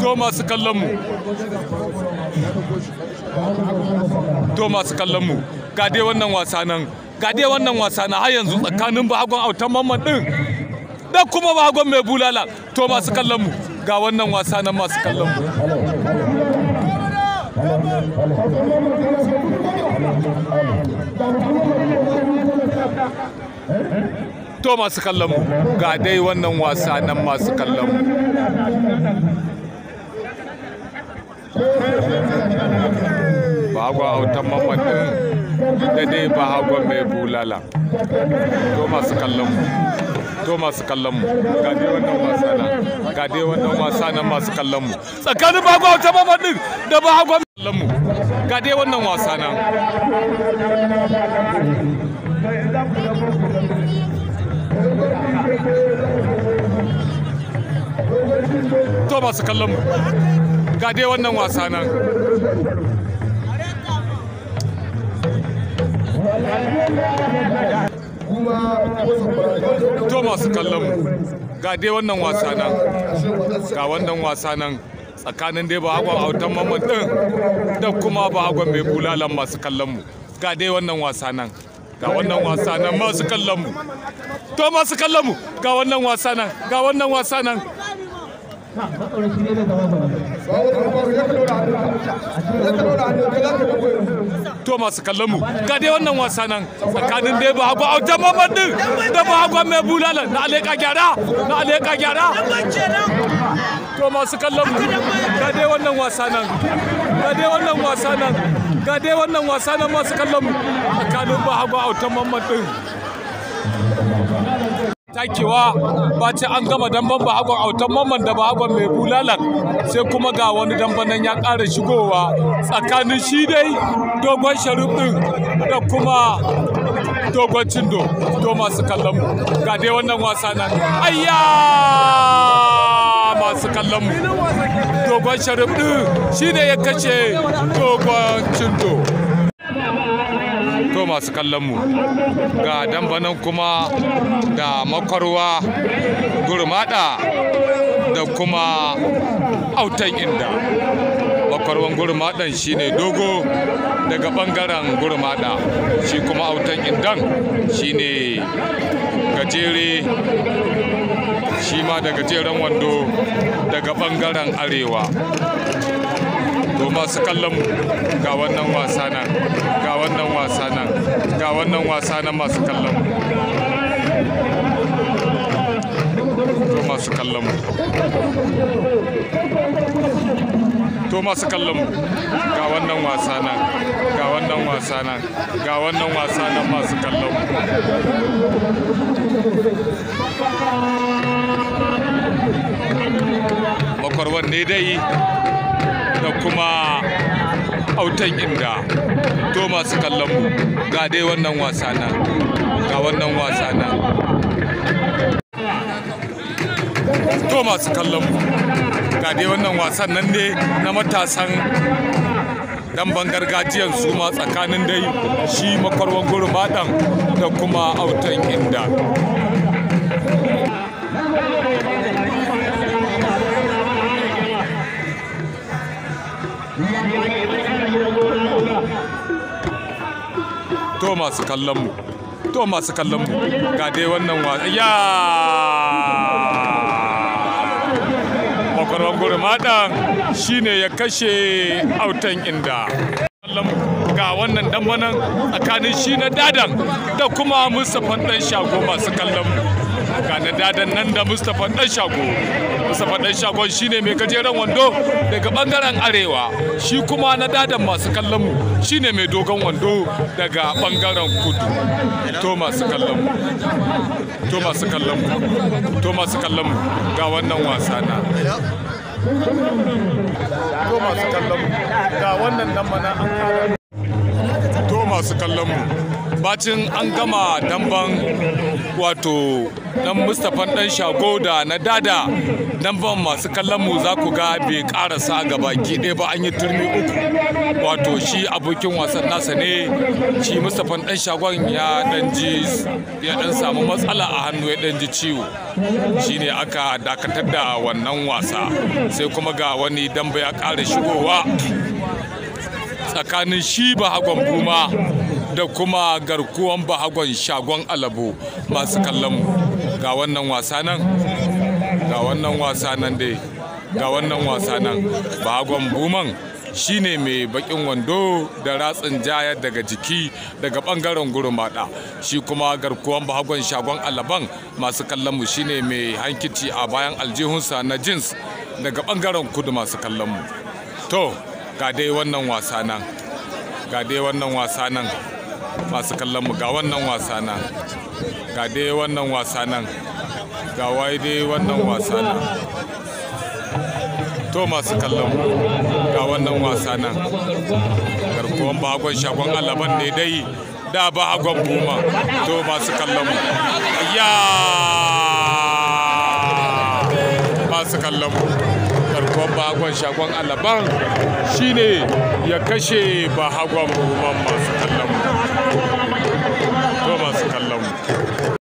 to masu kallonmu to masu kallonmu ga dai wannan wasa nan ga dai wannan wasa na har yanzu tsakanin bahagon autan mamman din da kuma bahagon mai bulala to masu kallonmu ga wannan wasa nan masu kallonmu Thank you. to masu kallon mu ga dai wannan wasa nan masu kallon mu bagwa autan mamadin da dai bahagwa mai bulala to masu kallon mu to masu kallon mu ga dai wannan wasa nan ga dai wannan wasa nan masu kallon mu tsakanin bagwa autan mamadin da bahagwa mai kallon mu ga dai wannan wasa nan to masu kallon mu ga dai wannan wasa nan to masu kallon mu ga dai wannan wasa nan ga wannan wasa nan tsakanin dai ba hagon autan mamman din da kuma ba hagon mai bulalan masu kallon mu ga dai wannan wasa nan ga wannan wasa nan masu kallon mu to masu kallon mu ga wannan wasa nan ga wannan wasa nan Thomas shi ne ga dai wannan wasa nan tsakanin dai ba hagu autan mamadin da ba hagu mai bulala na aleka gyara na aleka gyara Thomas masu kallon ga dai wannan wasa nan ga dai wannan wasa nan ga dai wannan wasa nan masu kallon mu tsakanin ba hagu autan mamadin takewa ce an gama damban ba hagon autan mamman da ba hagon mai bulalan sai kuma ga wani damban nan ya ƙara shigowa tsakanin shi dai dogon sharuɗin da kuma dogon cindo to masu kallon mu ga dai wannan wasa nan ayya masu kallon mu dogon sharuɗin din ne ya kace dogon cindo to masu kallon mu ga dambanan kuma da makwarwa gurmada da kuma autan inda makwarwan gurmadan shine dogo daga bangaren gurmada shi kuma autan indan shine gajere shi ma da gajeren wando daga bangaren arewa to masu kallon ga wannan wasa nan wannan wasa na masu kallon to masu kallon to masu kallon ga wannan wasa nan ga wannan wasa nan ga wannan wasa nan masu kallon makwarwan ne dai da kuma autan inda to masu kallon mu ga dai wannan wasa na ga wannan wasa na to masu kallon mu ga dai wannan wasan nan ne na matasan damban gargajiyan su ma tsakanin dai shi makwarwan gurbaɗan da kuma autan inda yeah, yeah. to masu kallon mu to masu kallon mu ga dai wannan wasa ya makwarwan madan shine ya kashe autan inda ga wannan dambanan tsakanin shi na dadan da kuma musa dan shago masu kallon mu ga na dadan nan da mustapha dan shago mustapha dan shago shine mai gajeren wando daga bangaren arewa shi kuma na dadan masu kallon mu shine mai dogon wando daga bangaren kudu to masu kallon mu to masu kallon mu to masu kallon mu ga wannan wasa na to masu kallon mu ga wannan nan mana an kara to masu kallon mu bacin an gama damban wato dan mustapha dan shago da na dada nan ban masu kallon mu za ku ga bai karasa gaba baki ɗaya ba an yi turmi uku wato shi abokin wasan nasa ne shi mustapha dan shagon ya dan ji ya dan samu matsala a hannu ya dan ji ciwo shine aka dakatar da wannan wasa sai kuma ga wani dan ya kare shigowa tsakanin shi ba hagon kuma da kuma garkuwan bahagon shagon alabo masu kallon mu ga wannan wasa nan ga wannan wasa nan dai ga wannan wasa nan bagon buman shine mai bakin wando da ratsin jaya daga jiki daga bangaren mada shi kuma garkuwan bahagon shagon alaban masu kallonmu shine mai hankici a bayan aljihunsa na jins daga bangaren kudu masu kallonmu to ga dai wannan wasa ga dai wannan wasa nan masu kallon mu ga wannan wasa nan ga dai wannan wasa nan ga wai dai wannan wasa nan to masu kallon mu ga wannan wasa nan garkuwan bagon shagon alaban ne dai da ba agon buma to masu kallon mu ya masu kallon mu karkon bahagon shagon alaban shine ya kashe bahagon ruwan masu kallon